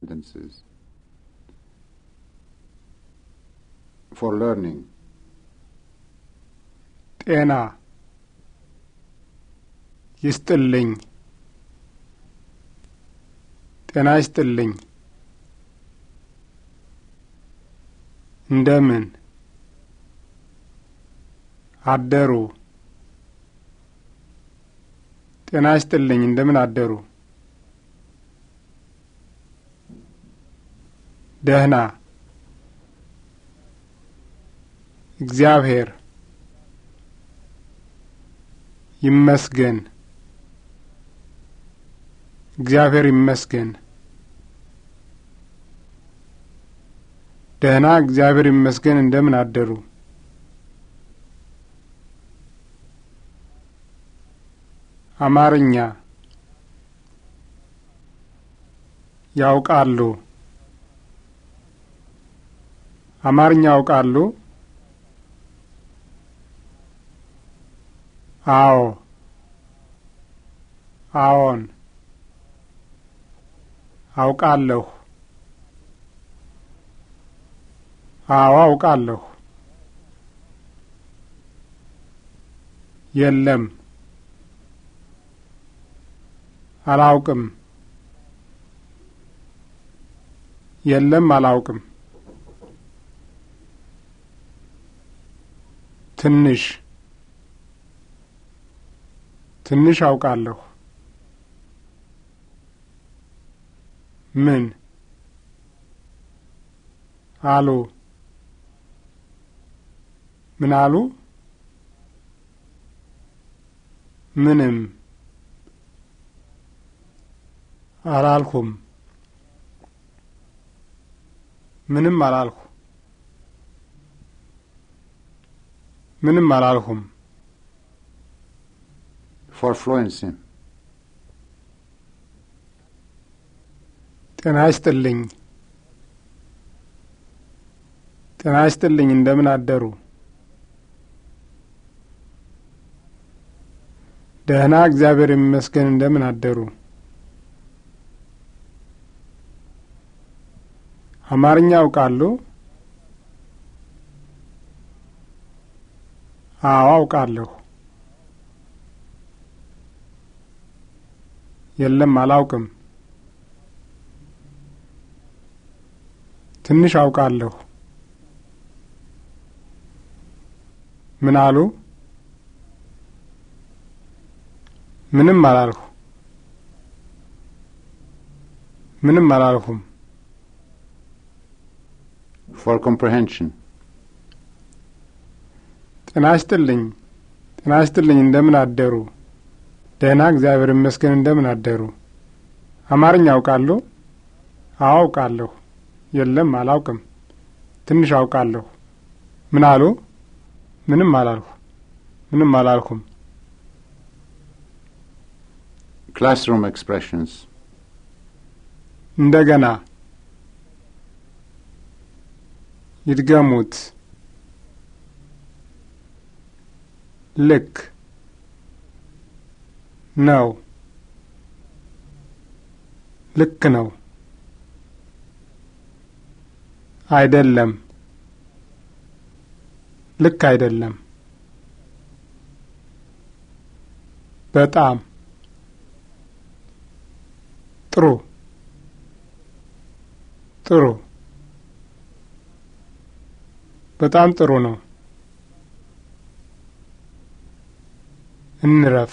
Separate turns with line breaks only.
evidences for learning ጤና ይስጥልኝ ጤና ይስጥልኝ እንደምን አደሩ ጤና ይስጥልኝ እንደምን አደሩ ደህና እግዚአብሔር ይመስገን እግዚአብሔር ይመስገን ደህና እግዚአብሔር ይመስገን እንደምን አደሩ አማርኛ ያውቃሉ አማርኛ ያውቃሉ? አዎ፣ አዎን፣ አውቃለሁ። አዎ፣ አውቃለሁ። የለም፣ አላውቅም። የለም፣ አላውቅም። ትንሽ ትንሽ አውቃለሁ። ምን አሉ? ምን አሉ? ምንም አላልኩም። ምንም አላልኩ። ምንም አላልሁም። ፎር ፍሉዌንሲ ጤና ይስጥልኝ። ጤና ይስጥልኝ። እንደምን አደሩ? ደህና እግዚአብሔር የሚመስገን። እንደምን አደሩ? አማርኛ ያውቃሉ? አዎ አውቃለሁ። የለም አላውቅም። ትንሽ አውቃለሁ። ምን አሉ? ምንም አላልሁ። ምንም አላልሁም። for comprehension ጤና ይስጥልኝ። ጤና ይስጥልኝ። እንደምን አደሩ? ደህና እግዚአብሔር ይመስገን። እንደምን አደሩ? አማርኛ አውቃሉ? አውቃለሁ። የለም አላውቅም። ትንሽ አውቃለሁ። ምን አሉ? ምንም አላልሁ። ምንም አላልኩም። ክላስሩም ኤክስፕሬሽንስ እንደገና ይድገሙት። ልክ ነው ልክ ነው። አይደለም ልክ አይደለም። በጣም ጥሩ ጥሩ። በጣም ጥሩ ነው። ምዕራፍ